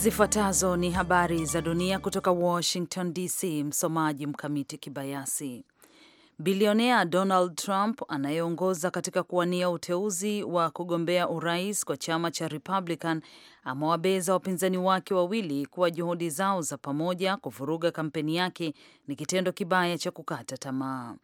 Zifuatazo ni habari za dunia kutoka Washington DC. Msomaji Mkamiti Kibayasi. Bilionea Donald Trump anayeongoza katika kuwania uteuzi wa kugombea urais kwa chama cha Republican amewabeza wapinzani wake wawili kuwa juhudi zao za pamoja kuvuruga kampeni yake ni kitendo kibaya cha kukata tamaa.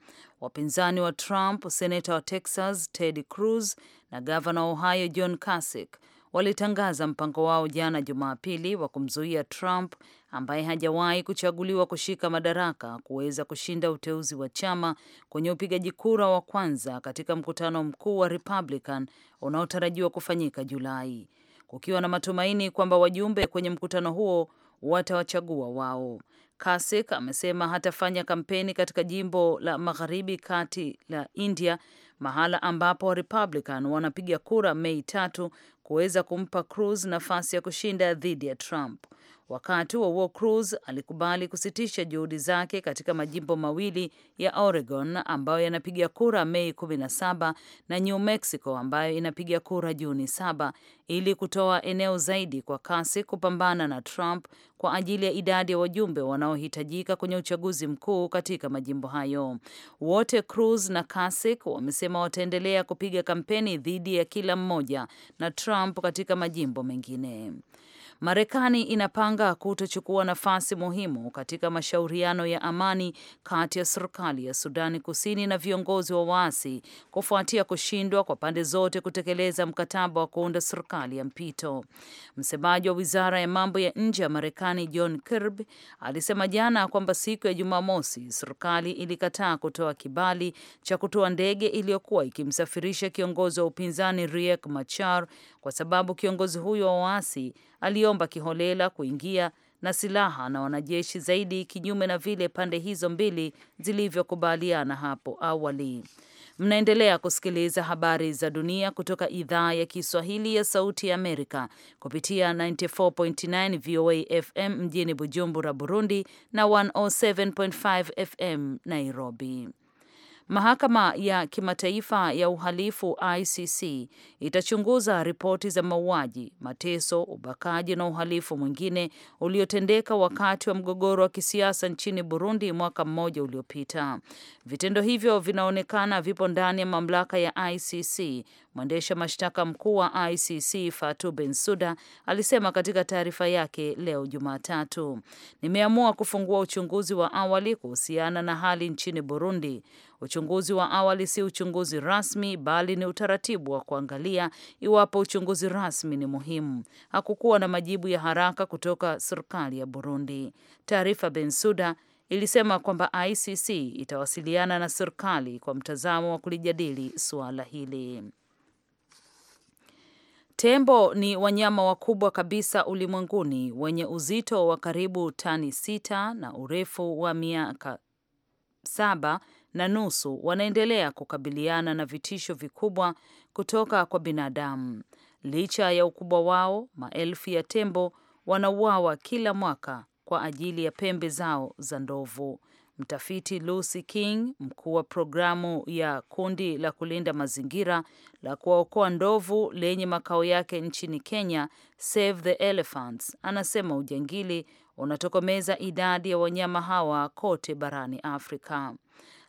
Wapinzani wa Trump, seneta wa Texas Ted Cruz na gavana wa Ohio John Kasich walitangaza mpango wao jana Jumapili wa kumzuia Trump ambaye hajawahi kuchaguliwa kushika madaraka kuweza kushinda uteuzi wa chama kwenye upigaji kura wa kwanza katika mkutano mkuu wa Republican unaotarajiwa kufanyika Julai, kukiwa na matumaini kwamba wajumbe kwenye mkutano huo watawachagua wao. Kasich amesema hatafanya kampeni katika jimbo la magharibi kati la India mahala ambapo Warepublican wanapiga kura Mei tatu kuweza kumpa Cruz nafasi ya kushinda dhidi ya Trump. Wakati wa war Cruz alikubali kusitisha juhudi zake katika majimbo mawili ya Oregon ambayo yanapiga kura Mei 17 na New Mexico ambayo inapiga kura Juni 7 ili kutoa eneo zaidi kwa kasi kupambana na Trump kwa ajili ya idadi ya wajumbe wanaohitajika kwenye uchaguzi mkuu katika majimbo hayo. Wote Cruz na Kasich wamesema wataendelea kupiga kampeni dhidi ya kila mmoja na Trump katika majimbo mengine. Marekani inapanga kutochukua nafasi muhimu katika mashauriano ya amani kati ya serikali ya Sudani Kusini na viongozi wa waasi kufuatia kushindwa kwa pande zote kutekeleza mkataba wa kuunda serikali ya mpito. Msemaji wa wizara ya mambo ya nje ya Marekani John Kirby alisema jana kwamba siku ya Jumamosi serikali ilikataa kutoa kibali cha kutoa ndege iliyokuwa ikimsafirisha kiongozi wa upinzani Riek Machar kwa sababu kiongozi huyo wa waasi aliomba kiholela kuingia na silaha na wanajeshi zaidi, kinyume na vile pande hizo mbili zilivyokubaliana hapo awali. Mnaendelea kusikiliza habari za dunia kutoka idhaa ya Kiswahili ya Sauti ya Amerika kupitia 94.9 VOA FM mjini Bujumbura, Burundi na 107.5 FM Nairobi. Mahakama ya Kimataifa ya Uhalifu ICC itachunguza ripoti za mauaji, mateso, ubakaji na uhalifu mwingine uliotendeka wakati wa mgogoro wa kisiasa nchini Burundi mwaka mmoja uliopita. Vitendo hivyo vinaonekana vipo ndani ya mamlaka ya ICC. Mwendesha mashtaka mkuu wa ICC Fatou Bensouda alisema katika taarifa yake leo Jumatatu, nimeamua kufungua uchunguzi wa awali kuhusiana na hali nchini Burundi. Uchunguzi wa awali si uchunguzi rasmi, bali ni utaratibu wa kuangalia iwapo uchunguzi rasmi ni muhimu. Hakukuwa na majibu ya haraka kutoka serikali ya Burundi. Taarifa Bensuda ilisema kwamba ICC itawasiliana na serikali kwa mtazamo wa kulijadili suala hili. Tembo ni wanyama wakubwa kabisa ulimwenguni wenye uzito wa karibu tani sita na urefu wa miaka saba na nusu wanaendelea kukabiliana na vitisho vikubwa kutoka kwa binadamu. Licha ya ukubwa wao, maelfu ya tembo wanauawa kila mwaka kwa ajili ya pembe zao za ndovu. Mtafiti Lucy King, mkuu wa programu ya kundi la kulinda mazingira la kuwaokoa ndovu lenye makao yake nchini Kenya, Save the Elephants, anasema ujangili unatokomeza idadi ya wanyama hawa kote barani Afrika.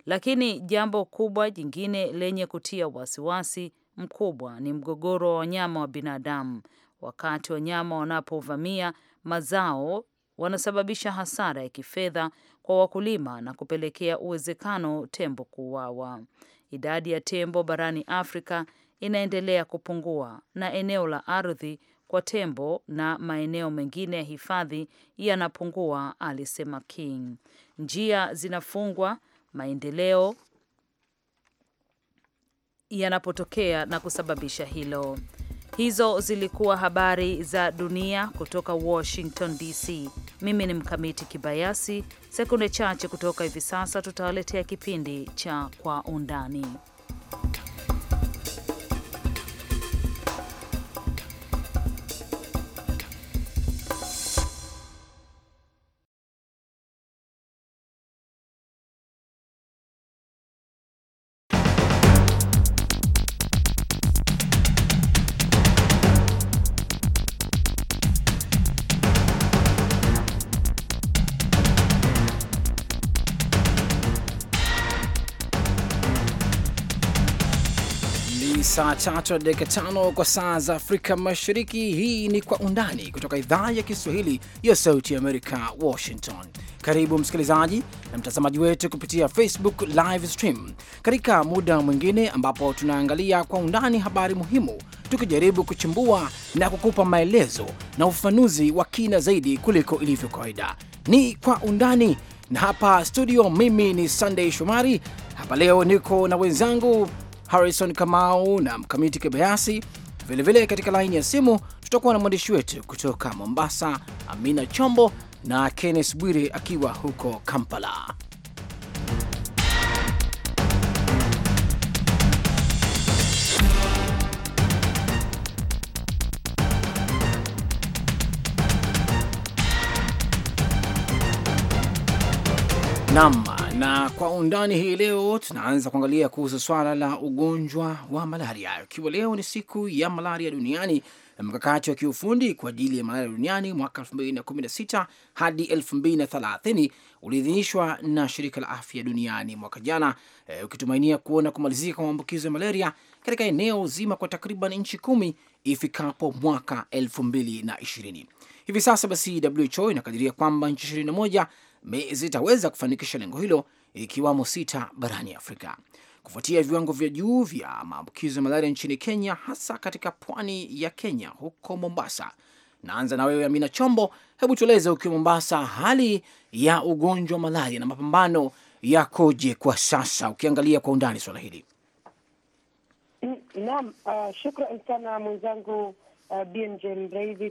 Lakini jambo kubwa jingine lenye kutia wasiwasi mkubwa ni mgogoro wa wanyama wa binadamu. Wakati wanyama wanapovamia mazao, wanasababisha hasara ya kifedha kwa wakulima na kupelekea uwezekano tembo kuuawa. Idadi ya tembo barani Afrika inaendelea kupungua na eneo la ardhi kwa tembo na maeneo mengine ya hifadhi yanapungua, alisema King. Njia zinafungwa maendeleo yanapotokea na kusababisha hilo. Hizo zilikuwa habari za dunia kutoka Washington DC. Mimi ni Mkamiti Kibayasi. Sekunde chache kutoka hivi sasa tutawaletea kipindi cha Kwa Undani. saa tatu na dakika tano kwa saa za Afrika Mashariki. Hii ni Kwa Undani kutoka idhaa ya Kiswahili ya Sauti ya Amerika, Washington. Karibu msikilizaji na mtazamaji wetu kupitia Facebook live stream katika muda mwingine, ambapo tunaangalia kwa undani habari muhimu, tukijaribu kuchimbua na kukupa maelezo na ufafanuzi wa kina zaidi kuliko ilivyo kawaida. Ni Kwa Undani, na hapa studio, mimi ni Sunday Shomari. Hapa leo niko na wenzangu Harrison Kamau na Mkamiti Kibayasi. Vilevile katika laini ya simu tutakuwa na mwandishi wetu kutoka Mombasa, Amina Chombo na Kenneth Bwire akiwa huko Kampala. Nam na kwa undani hii leo tunaanza kuangalia kuhusu swala la ugonjwa wa malaria, ikiwa leo ni siku ya malaria duniani na mkakati wa kiufundi kwa ajili ya malaria duniani mwaka 2016 hadi 2030 uliidhinishwa na shirika la afya duniani mwaka jana, e, ukitumainia kuona kumalizika kwa maambukizo ya malaria katika eneo zima kwa takriban nchi kumi ifikapo mwaka 2020. Hivi sasa basi WHO inakadiria kwamba nchi zitaweza kufanikisha lengo hilo ikiwamo sita barani Afrika. Kufuatia viwango vya juu vya maambukizo ya malaria nchini Kenya, hasa katika pwani ya Kenya huko Mombasa. Naanza na wewe Amina Chombo, hebu tueleze ukiwa Mombasa, hali ya ugonjwa wa malaria na mapambano yakoje kwa sasa, ukiangalia kwa undani swala hili? Naam, uh, shukran sana mwenzangu Uh, BMJ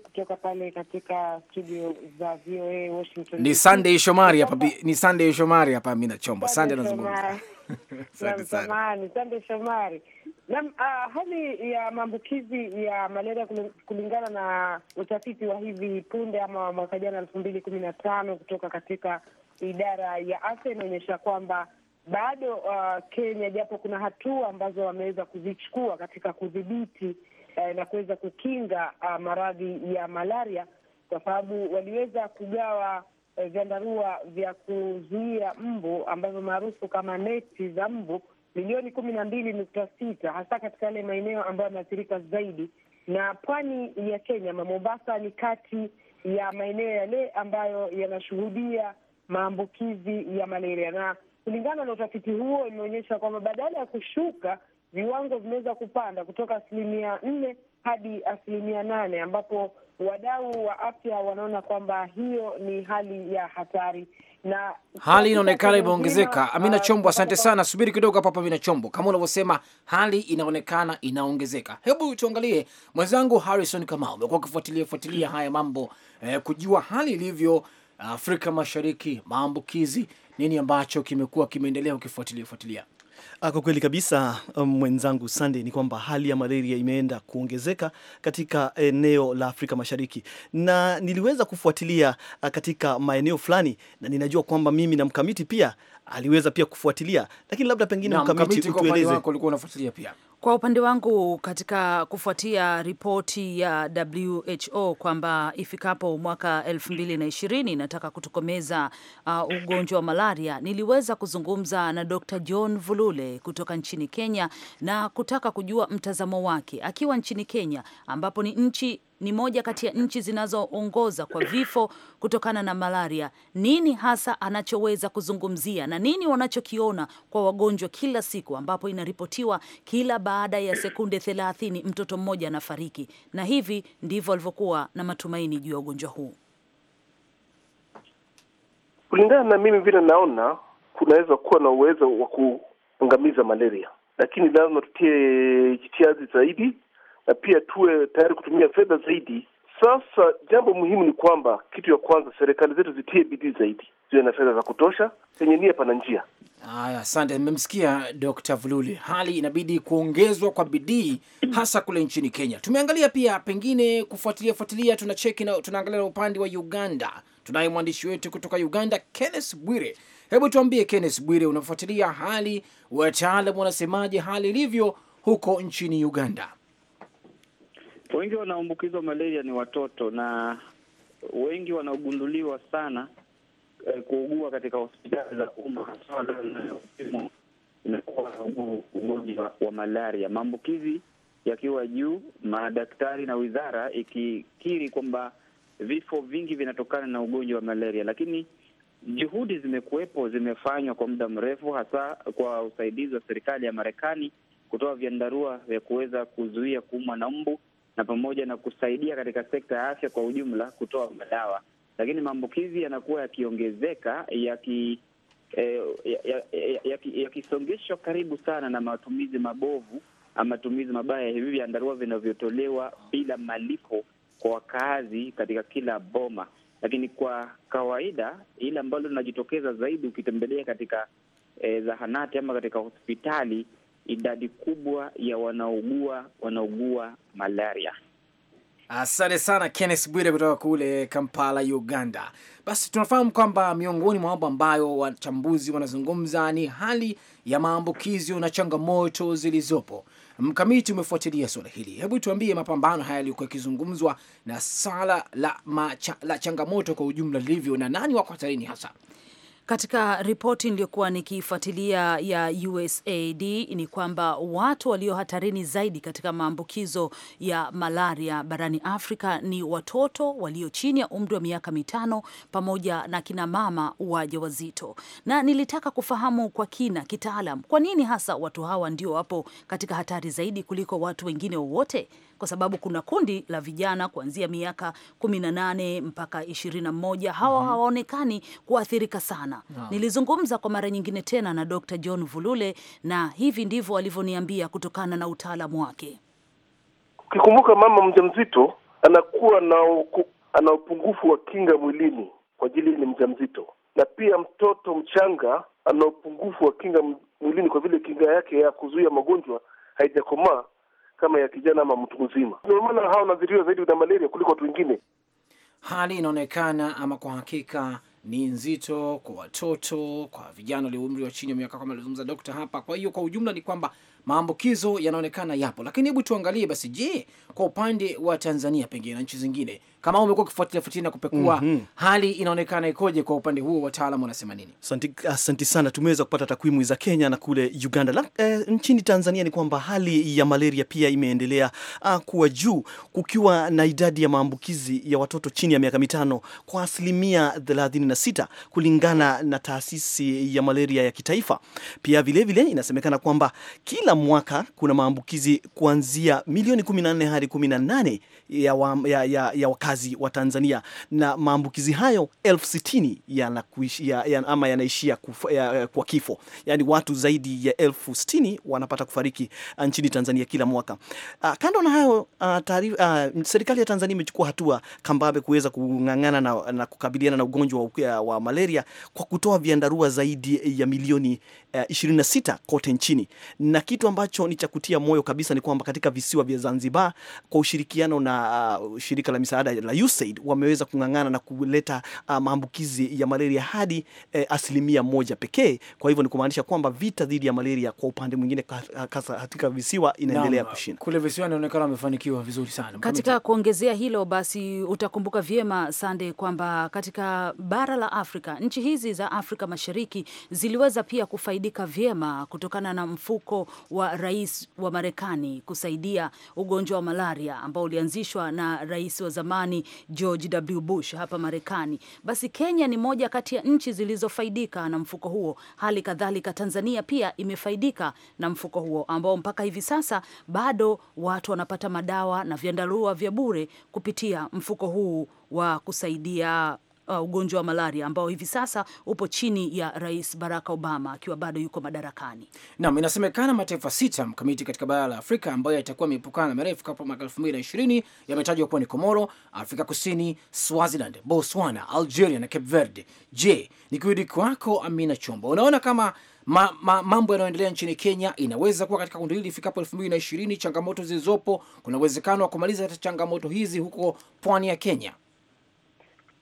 kutoka pale katika studio za VOA Washington. Ni Sunday Shomari hapa ni Sunday Shomari hapa chombo. Sunday Shomari. Naam, uh, hali ya maambukizi ya malaria kulingana na utafiti wa hivi punde ama mwaka jana elfu mbili kumi na tano kutoka katika idara ya afya inaonyesha kwamba bado uh, Kenya japo kuna hatua ambazo wameweza kuzichukua katika kudhibiti eh, na kuweza kukinga ah, maradhi ya malaria, kwa sababu waliweza kugawa eh, vyandarua vya kuzuia mbu ambavyo maarufu kama neti za mbu milioni kumi na mbili nukta sita hasa katika yale maeneo ambayo yameathirika zaidi, na pwani ya Kenya ma Mombasa ni kati ya maeneo yale ambayo yanashuhudia maambukizi ya malaria na kulingana na utafiti huo imeonyesha kwamba badala ya kushuka viwango vimeweza kupanda kutoka asilimia nne hadi asilimia nane ambapo wadau wa afya wanaona kwamba hiyo ni hali ya hatari na hali inaonekana imeongezeka. Amina uh, Chombo, asante sana. Subiri kidogo hapa hapa, Amina Chombo, kama unavyosema, hali inaonekana inaongezeka. Hebu tuangalie mwenzangu Harrison Kamau, umekuwa ukifuatilia fuatilia haya mambo eh, kujua hali ilivyo uh, Afrika Mashariki, maambukizi, nini ambacho kimekuwa kimeendelea ukifuatilia fuatilia Ah, kwa kweli kabisa um, mwenzangu Sunday, ni kwamba hali ya malaria imeenda kuongezeka katika eneo la Afrika Mashariki, na niliweza kufuatilia ah, katika maeneo fulani, na ninajua kwamba mimi na mkamiti pia aliweza pia kufuatilia, lakini labda pengine mkamiti utueleze, unafuatilia pia kwa upande wangu katika kufuatia ripoti ya WHO kwamba ifikapo mwaka 2020 inataka kutokomeza uh, ugonjwa wa malaria, niliweza kuzungumza na Dr. John Vulule kutoka nchini Kenya na kutaka kujua mtazamo wake akiwa nchini Kenya ambapo ni nchi ni moja kati ya nchi zinazoongoza kwa vifo kutokana na malaria. Nini hasa anachoweza kuzungumzia na nini wanachokiona kwa wagonjwa kila siku, ambapo inaripotiwa kila baada ya sekunde thelathini mtoto mmoja anafariki? Na hivi ndivyo alivyokuwa na matumaini juu ya ugonjwa huu. Kulingana na mimi vile naona, kunaweza kuwa na uwezo wa kuangamiza malaria, lakini lazima tutie jitihadi zaidi na pia tuwe tayari kutumia fedha zaidi. Sasa jambo muhimu ni kwamba kitu ya kwanza serikali zetu zitie bidii zaidi, ziwe na fedha za kutosha. Penye nia pana njia. Haya, asante. Mmemsikia Dr. vulule hali inabidi kuongezwa kwa bidii, hasa kule nchini Kenya. Tumeangalia pia pengine kufuatilia fuatilia, tuna cheki na tunaangalia na upande wa Uganda. Tunaye mwandishi wetu kutoka Uganda, Kenneth Bwire. Hebu tuambie Kenneth Bwire, unafuatilia hali, wataalam wanasemaje hali ilivyo huko nchini Uganda? Wengi wanaambukizwa malaria ni watoto na wengi wanaogunduliwa sana eh, kuugua katika hospitali za umma hasa wale imekuwa ugonjwa wa malaria, maambukizi yakiwa juu, madaktari na wizara ikikiri kwamba vifo vingi vinatokana na ugonjwa wa malaria. Lakini juhudi zimekuwepo, zimefanywa kwa muda mrefu, hasa kwa usaidizi wa serikali ya Marekani kutoa vyandarua vya kuweza kuzuia kuumwa na mbu na pamoja na kusaidia katika sekta ya afya kwa ujumla kutoa madawa, lakini maambukizi yanakuwa yakiongezeka yaki eh, yakisongeshwa ya, ya, ya karibu sana na matumizi mabovu ama matumizi mabaya hivi vyandarua vinavyotolewa bila malipo kwa wakaazi katika kila boma. Lakini kwa kawaida ile ambalo linajitokeza zaidi ukitembelea katika eh, zahanati ama katika hospitali idadi kubwa ya wanaougua wanaogua malaria. Asante sana Kenneth Bwire kutoka kule Kampala, Uganda. Basi tunafahamu kwamba miongoni mwa mambo ambayo wachambuzi wanazungumza ni hali ya maambukizo na changamoto zilizopo. Mkamiti, umefuatilia suala hili, hebu tuambie mapambano haya yaliyokuwa yakizungumzwa na sala la, macha, la changamoto kwa ujumla lilivyo na nani wako hatarini hasa? Katika ripoti niliyokuwa nikifuatilia ya USAID ni kwamba watu walio hatarini zaidi katika maambukizo ya malaria barani Afrika ni watoto walio chini ya umri wa miaka mitano pamoja na kina mama wajawazito, na nilitaka kufahamu kwa kina kitaalam, kwa nini hasa watu hawa ndio wapo katika hatari zaidi kuliko watu wengine wowote kwa sababu kuna kundi la vijana kuanzia miaka 18 mpaka 21 hawa mhm. hawaonekani kuathirika sana. Nilizungumza kwa mara nyingine tena na Dr. John Vulule na hivi ndivyo walivyoniambia kutokana na utaalamu wake. Ukikumbuka mama mjamzito anakuwa na ana upungufu wa kinga mwilini kwa ajili ni mjamzito, na pia mtoto mchanga ana upungufu wa kinga mwilini kwa vile kinga yake ya kuzuia magonjwa haijakomaa kama ya kijana ama mtu mzima. Ndio maana hawa wanadhiriwa zaidi na malaria kuliko watu wengine. Hali inaonekana ama kwa hakika ni nzito kwa watoto, kwa vijana walio umri wa chini ya miaka kama alizungumza dokta hapa. Kwa hiyo kwa ujumla ni kwamba maambukizo yanaonekana yapo, lakini hebu tuangalie basi, je, kwa upande wa Tanzania pengine na nchi zingine, kama umekuwa ukifuatilia fuatilia na kupekua, mm -hmm. hali inaonekana ikoje kwa upande huo, wataalamu wanasema nini? Asante sana, tumeweza kupata takwimu za Kenya na kule Uganda la, eh, nchini Tanzania ni kwamba hali ya malaria pia imeendelea ah, kuwa juu kukiwa na idadi ya maambukizi ya watoto chini ya miaka mitano kwa asilimia 36 kulingana na taasisi ya malaria ya kitaifa. Pia vilevile vile, inasemekana kwamba kila mwaka kuna maambukizi kuanzia milioni 14 hadi 18 ya, wa, ya, ya, ya wakazi wakazi wa Tanzania, na maambukizi hayo elfu sitini yanakuishia ya, ama yanaishia ya, eh, kwa kifo, yaani watu zaidi ya elfu sitini wanapata kufariki ah, nchini Tanzania kila mwaka. A, ah, kando na hayo a, ah, taarifa, a, serikali ya Tanzania imechukua hatua kambabe kuweza kung'ang'ana na, na kukabiliana na ugonjwa wa, wa malaria kwa kutoa viandarua zaidi ya milioni uh, eh, 26 kote nchini, na kitu ambacho ni cha kutia moyo kabisa ni kwamba katika visiwa vya Zanzibar kwa ushirikiano na uh, shirika la misaada la USAID wameweza kung'ang'ana na kuleta uh, maambukizi ya malaria hadi eh, asilimia moja pekee. Kwa hivyo ni kumaanisha kwamba vita dhidi ya malaria kwa upande mwingine katika visiwa inaendelea kushinda. Kule visiwa inaonekana wamefanikiwa vizuri sana. Katika kuongezea hilo basi, utakumbuka vyema Sande kwamba katika bara la Afrika, nchi hizi za Afrika Mashariki ziliweza pia kufaidika vyema kutokana na mfuko wa rais wa Marekani kusaidia ugonjwa wa malaria ambao ulianzishwa na rais wa zamani zamani George W. Bush hapa Marekani. Basi Kenya ni moja kati ya nchi zilizofaidika na mfuko huo. Hali kadhalika Tanzania pia imefaidika na mfuko huo ambao mpaka hivi sasa bado watu wanapata madawa na vyandarua vya bure kupitia mfuko huu wa kusaidia uh, ugonjwa wa malaria ambao hivi sasa upo chini ya Rais Barack Obama akiwa bado yuko madarakani. Naam, inasemekana mataifa sita mkamiti katika bara la Afrika ambayo yatakuwa yameepukana na marefu hapo mwaka 2020 yametajwa kuwa ni Komoro, Afrika Kusini, Swaziland, Botswana, Algeria na Cape Verde. Je, ni kurudi kwako Amina Chombo, unaona kama ma, ma, mambo yanayoendelea nchini Kenya inaweza kuwa katika kundi hili ifikapo elfu mbili na ishirini? Changamoto zilizopo, kuna uwezekano wa kumaliza hata changamoto hizi huko pwani ya Kenya?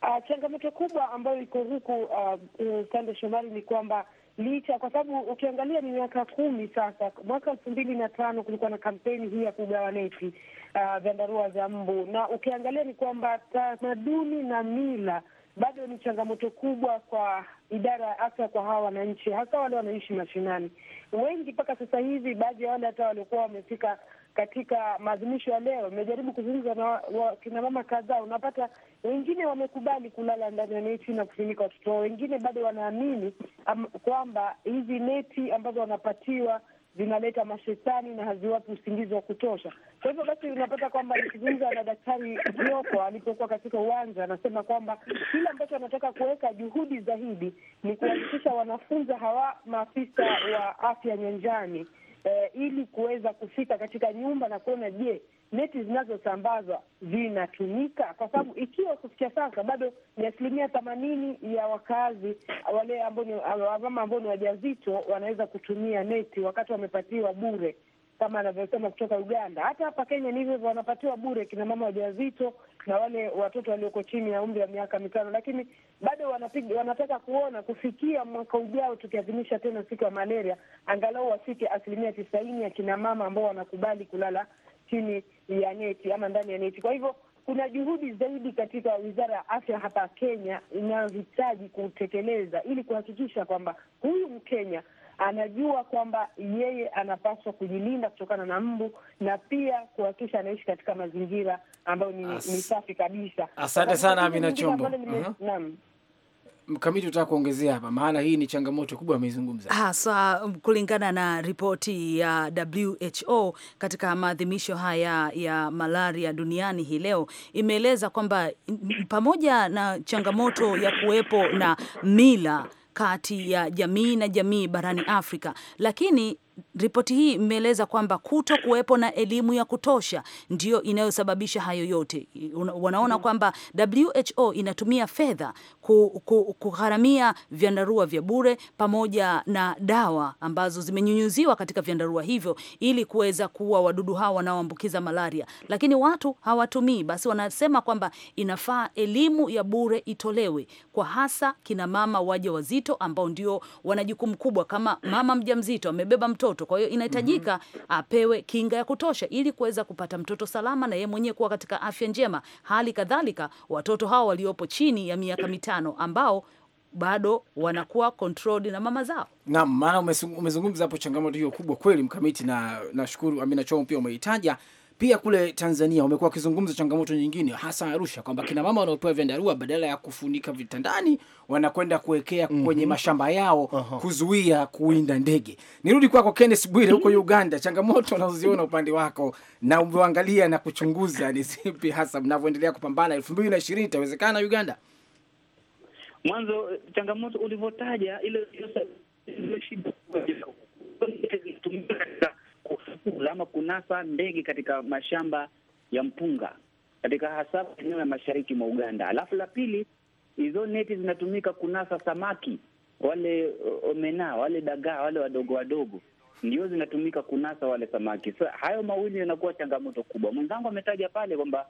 Uh, changamoto kubwa ambayo iko huku uh, ah, uh, Sande Shomari ni kwamba licha, kwa sababu ukiangalia ni miaka kumi sasa. Mwaka elfu mbili na tano kulikuwa na kampeni hii ya kugawa neti uh, vyandarua vya mbu, na ukiangalia ni kwamba tamaduni na mila bado ni changamoto kubwa kwa idara ya afya kwa hawa wananchi, hasa wale wanaishi mashinani. Wengi mpaka sasa hivi, baadhi ya wale hata waliokuwa wamefika katika maadhimisho ya leo, nimejaribu kuzungumza na mama kadhaa, unapata wengine wamekubali kulala ndani ya neti na kufunika watoto wao, wengine bado wanaamini kwamba hizi neti ambazo wanapatiwa zinaleta mashetani na haziwapi usingizi wa kutosha. Kwa hivyo basi, unapata kwamba nikizungumza na Daktari Kioko alipokuwa katika uwanja, anasema kwamba kile ambacho anataka kuweka juhudi zaidi ni kuhakikisha wanafunza hawa maafisa wa afya nyanjani eh, ili kuweza kufika katika nyumba na kuona je, neti zinazosambazwa zinatumika, kwa sababu ikiwa kufikia sasa bado ni asilimia themanini ya wakazi wale ambao ni wamama ambao ni wajawazito wanaweza kutumia neti wakati wamepatiwa bure kama anavyosema kutoka Uganda. Hata hapa Kenya ni hivyo, wanapatiwa bure kina mama wajawazito na wale watoto walioko chini ya umri wa miaka mitano, lakini bado wanapiga, wanataka kuona kufikia mwaka ujao tukiadhimisha tena siku ya malaria, angalau wafike asilimia tisaini ya kina mama ambao wanakubali kulala chini ya neti ama ndani ya neti. Kwa hivyo kuna juhudi zaidi katika Wizara ya Afya hapa Kenya inayohitaji kutekeleza ili kuhakikisha kwamba huyu Mkenya anajua kwamba yeye anapaswa kujilinda kutokana na mbu na pia kuhakikisha anaishi katika mazingira ambayo ni, As... ni safi kabisa. Asante sana Amina Chombo. Naam. Mkamiti utaka kuongezea hapa, maana hii ni changamoto kubwa ameizungumza hasa. So, um, kulingana na ripoti ya WHO katika maadhimisho haya ya malaria duniani hii leo, imeeleza kwamba mm, pamoja na changamoto ya kuwepo na mila kati ya jamii na jamii barani Afrika, lakini Ripoti hii imeeleza kwamba kuto kuwepo na elimu ya kutosha ndiyo inayosababisha hayo yote. Wanaona kwamba WHO inatumia fedha kugharamia vyandarua vya bure pamoja na dawa ambazo zimenyunyuziwa katika vyandarua hivyo ili kuweza kuua wadudu hawa wanaoambukiza malaria, lakini watu hawatumii. Basi wanasema kwamba inafaa elimu ya bure itolewe kwa hasa kina mama waja wazito ambao ndio wana jukumu kubwa. Kama mama mjamzito amebeba mtoto mtoto. Kwa hiyo inahitajika mhm. apewe kinga ya kutosha ili kuweza kupata mtoto salama na yeye mwenyewe kuwa katika afya njema. Hali kadhalika watoto hao waliopo chini ya miaka mitano ambao bado wanakuwa controlled na mama zao. Naam, maana umezungumza hapo changamoto hiyo kubwa kweli mkamiti, na nashukuru Amina Chomo pia umeitaja pia kule Tanzania wamekuwa wakizungumza changamoto nyingine, hasa Arusha, kwamba kina mama wanaopewa vyandarua badala ya kufunika vitandani wanakwenda kuwekea kwenye mm -hmm. mashamba yao uh -huh. kuzuia kuwinda ndege. Nirudi kwako Kenneth Bwire huko Uganda, changamoto unazoziona upande wako na umeangalia na kuchunguza ni zipi hasa mnavyoendelea kupambana? elfu mbili na ishirini itawezekana Uganda? Mwanzo changamoto ulivyotaja ile shida kufukula ama kunasa ndege katika mashamba ya mpunga katika hasa eneo ya mashariki mwa Uganda. Alafu la pili, hizo neti zinatumika kunasa samaki wale uh, omena, wale dagaa, wale wadogo wadogo, ndio zinatumika kunasa wale samaki. So, hayo mawili yanakuwa changamoto kubwa. Mwenzangu ametaja pale kwamba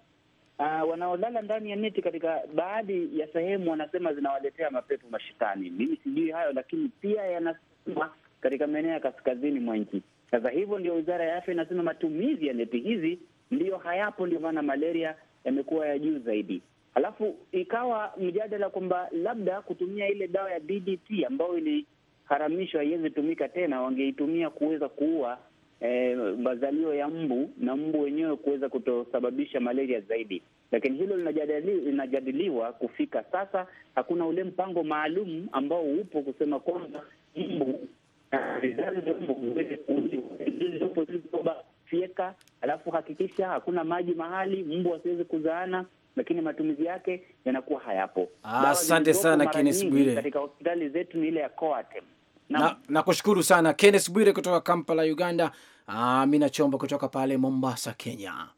uh, wanaolala ndani ya neti katika baadhi ya sehemu wanasema zinawaletea mapepo mashitani. Mimi sijui hayo, lakini pia yanasema katika maeneo ya kaskazini mwa nchi. Sasa hivyo ndio wizara ya afya inasema matumizi ya neti hizi ndiyo hayapo, ndio maana malaria yamekuwa ya juu zaidi. Alafu ikawa mjadala kwamba labda kutumia ile dawa ya DDT ambayo iliharamishwa haiwezi tumika tena, wangeitumia kuweza kuua eh, mazalio ya mbu na mbu wenyewe kuweza kutosababisha malaria zaidi, lakini hilo linajadiliwa kufika sasa. Hakuna ule mpango maalum ambao upo kusema kwamba mbu fyeka, alafu hakikisha hakuna maji mahali mbu wasiweze kuzaana, lakini matumizi yake yanakuwa hayapo. Ah, asante sana Kenneth Bwire. Katika hospitali zetu ni ile ya Coatem. Na nakushukuru sana Kenneth Bwire kutoka Kampala, Uganda. Ah, Amina Chombo kutoka pale Mombasa, Kenya.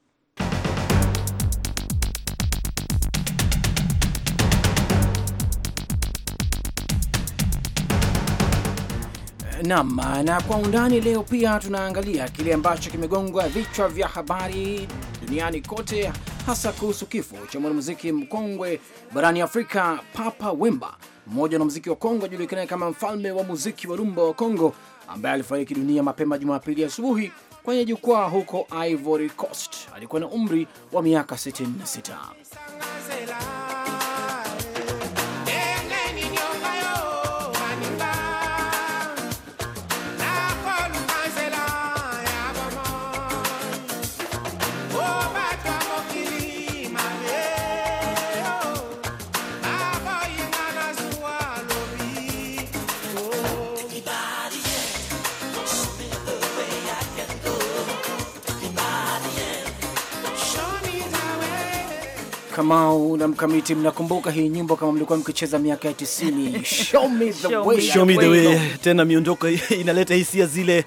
Nam na kwa undani leo pia tunaangalia kile ambacho kimegonga vichwa vya habari duniani kote, hasa kuhusu kifo cha mwanamuziki mkongwe barani Afrika Papa Wemba, mmoja muziki wa Kongo ajulikanaye kama mfalme wa muziki wa rumba wa Kongo, ambaye alifariki dunia mapema Jumapili asubuhi kwenye jukwaa huko Ivory Coast. Alikuwa na umri wa miaka 66. Kamau na Mkamiti, mnakumbuka hii nyimbo kama mlikuwa mkicheza miaka ya 90 show me the way, show me the way. Tena miondoko inaleta hisia zile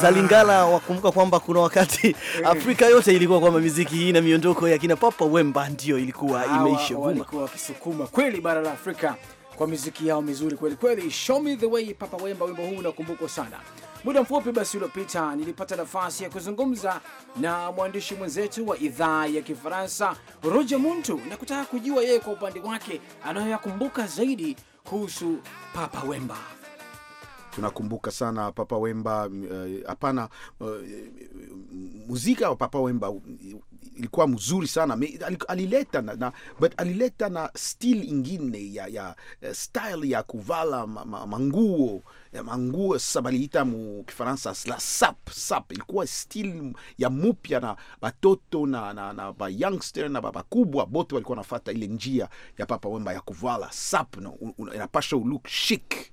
za Lingala. Ah. Wakumbuka kwamba kuna wakati eh. Afrika yote ilikuwa kwamba miziki hii na miondoko ya kina Papa Wemba ndio ilikuwa imeisha vuma, walikuwa wakisukuma kweli bara la Afrika kwa miziki yao mizuri kweli kweli. Show me the way, Papa Wemba, wimbo huu unakumbukwa sana. Muda mfupi basi uliopita nilipata nafasi ya kuzungumza na mwandishi mwenzetu wa idhaa ya Kifaransa Roger Muntu na kutaka kujua yeye kwa upande wake anayoyakumbuka zaidi kuhusu Papa Wemba tunakumbuka sana Papa Wemba, eh, hapana, uh, uh, eh, muzika wa Papa Wemba ilikuwa mzuri sana, alileta na, na, but alileta na stil ingine ya, ya eh, style ya kuvala ma, ma, manguo manguo sasa baliita mu Kifaransa la sap sap, ilikuwa stil ya mupya na batoto na, na, na ba youngster na babakubwa bote walikuwa nafata ile njia ya Papa Wemba ya kuvala sap, no, inapasha uluk shik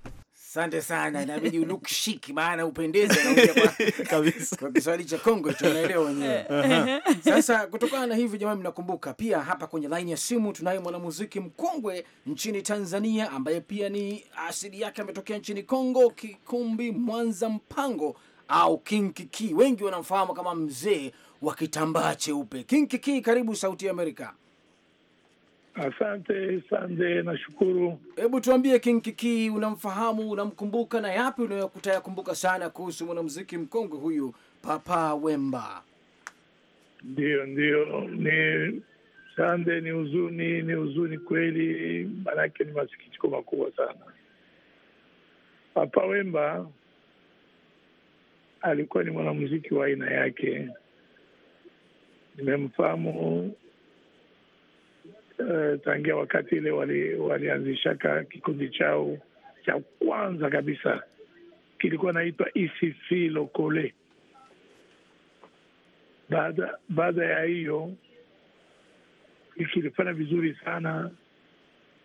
Asante sana, inabidi unukshiki maana upendeze kabisa. Kwa Kiswahili cha Kongo tunaelewa wenyewe. Eh, eh, eh. Sasa kutokana na hivyo, jamani, mnakumbuka pia hapa kwenye laini ya simu tunaye mwanamuziki mkongwe nchini Tanzania ambaye pia ni asili yake ametokea nchini Kongo, Kikumbi Mwanza Mpango au King Kiki, wengi wanamfahamu kama mzee wa kitambaa cheupe. King Kiki, karibu Sauti ya Amerika. Asante sande, nashukuru. Hebu tuambie, King Kiki, unamfahamu unamkumbuka, na yapi yakumbuka sana kuhusu mwanamuziki mkongwe huyu Papa Wemba? Ndiyo, ndio ni sande, ni huzuni, ni huzuni kweli, maanake ni masikitiko makubwa sana. Papa Wemba alikuwa ni mwanamuziki wa aina yake, nimemfahamu Eh, tangia wakati ile walianzishaka wali kikundi chao cha kwanza kabisa kilikuwa naitwa ECC Lokole. Baada baada ya hiyo kilifanya vizuri sana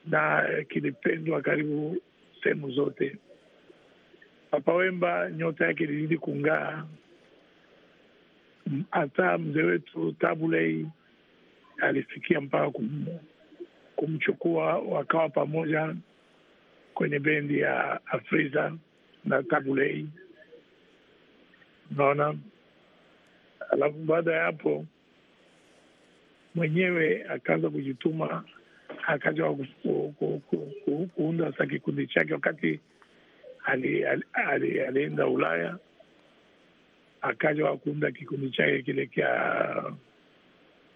na kilipendwa karibu sehemu zote. Papa Wemba nyota yake ilizidi kung'aa, hata mzee wetu Tabulei alifikia mpaka kum, kumchukua wakawa pamoja kwenye bendi ya Afriza na Kabulei, unaona. Alafu baada ya hapo mwenyewe akaanza kujituma, akaja kuunda sa kikundi chake. Wakati alienda ali, ali, ali Ulaya, akaja wa kuunda kikundi chake kile kya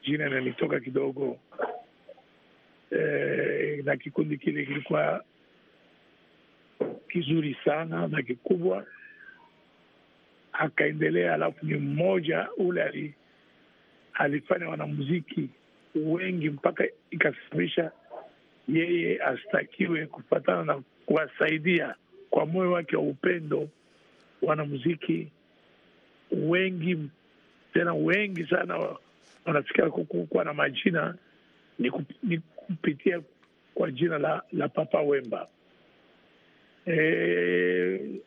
jina linanitoka kidogo e, na kikundi kile kilikuwa kizuri sana na kikubwa, akaendelea. Alafu ni mmoja ule alifanya wanamuziki wengi mpaka ikasababisha yeye astakiwe kufatana na kuwasaidia kwa moyo wake wa upendo wanamuziki wengi tena wengi sana wanafikia kuwa na majina ni, kup, ni kupitia kwa jina la, la Papa Wemba. E,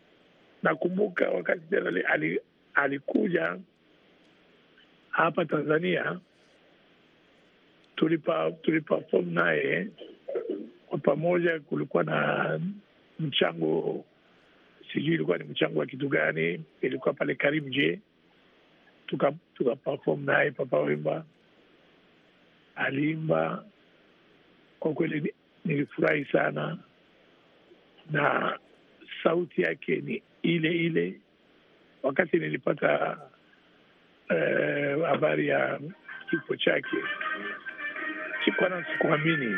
nakumbuka wakati tena alikuja hapa Tanzania tulipa naye kwa pamoja. Kulikuwa na mchango, sijui ilikuwa ni mchango wa kitu gani, ilikuwa pale Karimjee tukaperform tuka naye Papa Wemba aliimba. Kwa kweli nilifurahi sana, na sauti yake ni ile ile. Wakati nilipata eh, habari uh, ya kifo chake sikuwa sikuamini.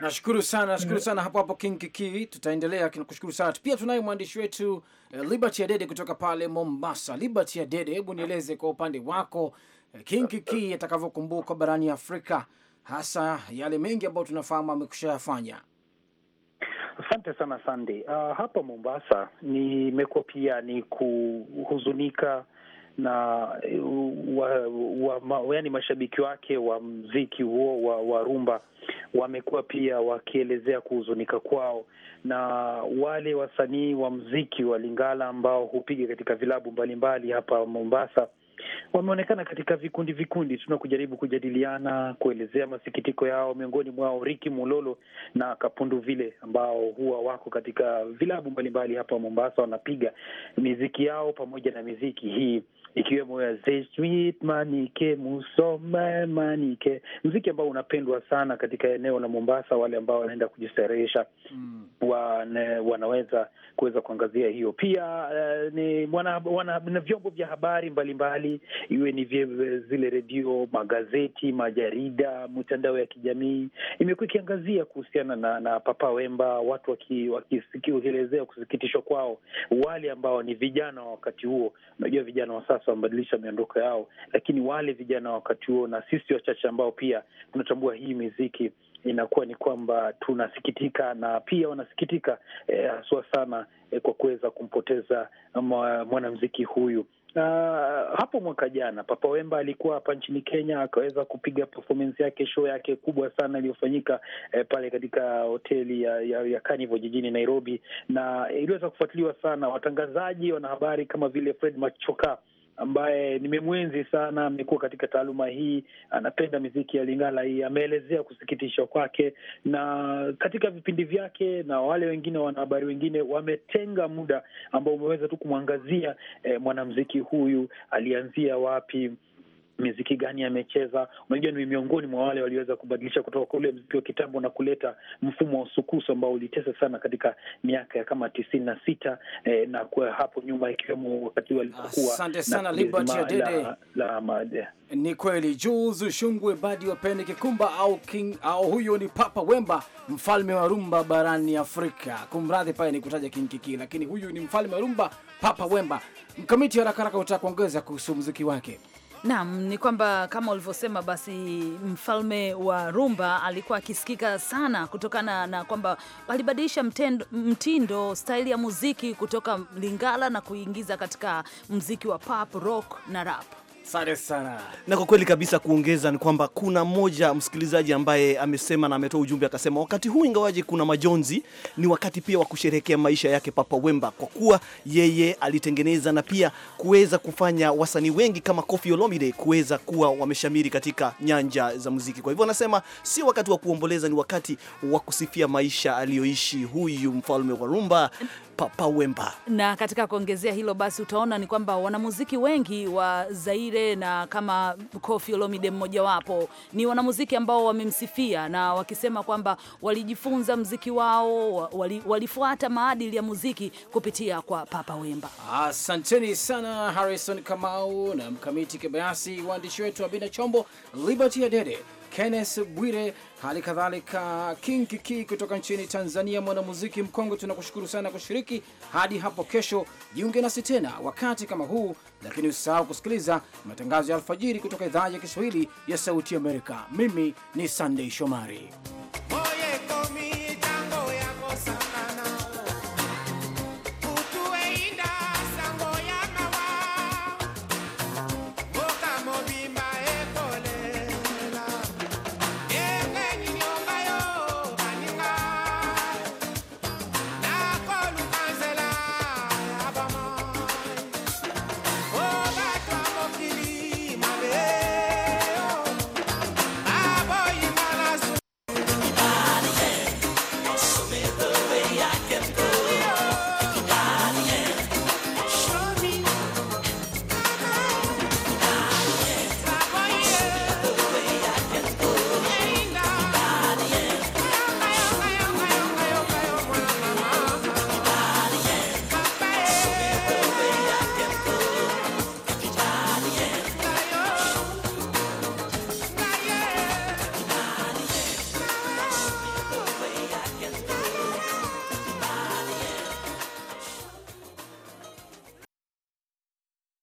Nashukuru sana, nashukuru sana hapo hapo King Kiki, tutaendelea kushukuru sana. Pia tunaye mwandishi wetu eh, Liberty Adede kutoka pale Mombasa. Liberty Adede, hebu nieleze kwa upande wako eh, King Kiki atakavyokumbukwa barani Afrika, hasa yale mengi ambayo tunafahamu amekushayafanya. Asante sana Sandy. Uh, ah, hapa Mombasa nimekuwa pia ni kuhuzunika na eh, wa, wa, ma, yani mashabiki wake wa mziki huo wa, wa rumba wamekuwa pia wakielezea kuhuzunika kwao, na wale wasanii wa mziki wa Lingala ambao hupiga katika vilabu mbalimbali hapa Mombasa wameonekana katika vikundi vikundi, tuna kujaribu kujadiliana, kuelezea masikitiko yao. Miongoni mwao Riki Mulolo na Kapundu vile ambao huwa wako katika vilabu mbalimbali hapa Mombasa, wanapiga miziki yao pamoja na miziki hii ikiwemo ya Sweet Manike Musome Manike, mziki ambao unapendwa sana katika eneo la Mombasa. Wale ambao wanaenda kujistarehesha mm. wana, wanaweza kuweza kuangazia hiyo pia. Uh, ni wana, wana, na vyombo vya habari mbalimbali iwe ni zile redio, magazeti, majarida, mitandao ya kijamii imekuwa ikiangazia kuhusiana na, na Papa Wemba, watu wakielezea waki, kusikitishwa kwao, wale ambao ni vijana wa wakati huo. Unajua vijana wa sasa sasa wamebadilisha miondoko yao, lakini wale vijana wakati huo na sisi wachache ambao pia tunatambua hii miziki inakuwa ni kwamba tunasikitika na pia wanasikitika eh, haswa e, sana e, kwa kuweza kumpoteza mwanamziki huyu. Uh, hapo mwaka jana Papa Wemba alikuwa hapa nchini Kenya akaweza kupiga performance yake, show yake kubwa sana iliyofanyika eh, pale katika hoteli ya, ya, ya Carnival jijini Nairobi, na iliweza kufuatiliwa sana. Watangazaji, wanahabari kama vile Fred Machoka ambaye nimemwenzi sana, amekuwa katika taaluma hii, anapenda miziki ya Lingala hii. Ameelezea kusikitishwa kwake na katika vipindi vyake, na wale wengine wanahabari wengine wametenga muda ambao umeweza tu kumwangazia eh, mwanamziki huyu alianzia wapi miziki gani amecheza. Unajua, ni miongoni mwa wale waliweza kubadilisha kutoka kwa ule mziki wa kitambo na kuleta mfumo wa usukusu ambao ulitesa sana katika miaka ya kama tisini na sita eh, na kwa hapo nyuma ikiwemo wakati walipokuwa. Asante sana Liberty Ni kweli Jules Shungwe Badi Wapende Kikumba au King au huyo ni Papa Wemba, mfalme wa rumba barani Afrika. Kumradhi pale ni kutaja King Kiki, lakini huyu ni mfalme wa rumba Papa Wemba. Mkamiti haraka haraka, kuongeza kuhusu muziki wake. Naam, ni kwamba kama ulivyosema, basi mfalme wa rumba alikuwa akisikika sana kutokana na kwamba alibadilisha mtindo, staili ya muziki kutoka Lingala na kuingiza katika mziki wa pop, rock na rap. Sare sana. Na kwa kweli kabisa kuongeza ni kwamba kuna mmoja msikilizaji ambaye amesema na ametoa ujumbe akasema, wakati huu ingawaje kuna majonzi, ni wakati pia wa kusherehekea maisha yake Papa Wemba, kwa kuwa yeye alitengeneza na pia kuweza kufanya wasanii wengi kama Koffi Olomide kuweza kuwa wameshamiri katika nyanja za muziki. Kwa hivyo anasema sio wakati wa kuomboleza, ni wakati wa kusifia maisha aliyoishi huyu mfalme wa rumba Papa Wemba. Na katika kuongezea hilo basi, utaona ni kwamba wanamuziki wengi wa Zaire na kama Koffi Olomide mmojawapo ni wanamuziki ambao wamemsifia na wakisema kwamba walijifunza mziki wao wali, walifuata maadili ya muziki kupitia kwa Papa Wemba. Asanteni sana Harrison Kamau na Mkamiti Kibayasi, waandishi wetu Abina Chombo, Liberty Adede Kenneth Bwire, hali kadhalika King Kiki kutoka nchini Tanzania, mwanamuziki mkongwe. Tunakushukuru sana kushiriki. Hadi hapo kesho, jiunge nasi tena wakati kama huu, lakini usisahau kusikiliza matangazo ya alfajiri kutoka idhaa ya Kiswahili ya Sauti Amerika. Mimi ni Sunday Shomari.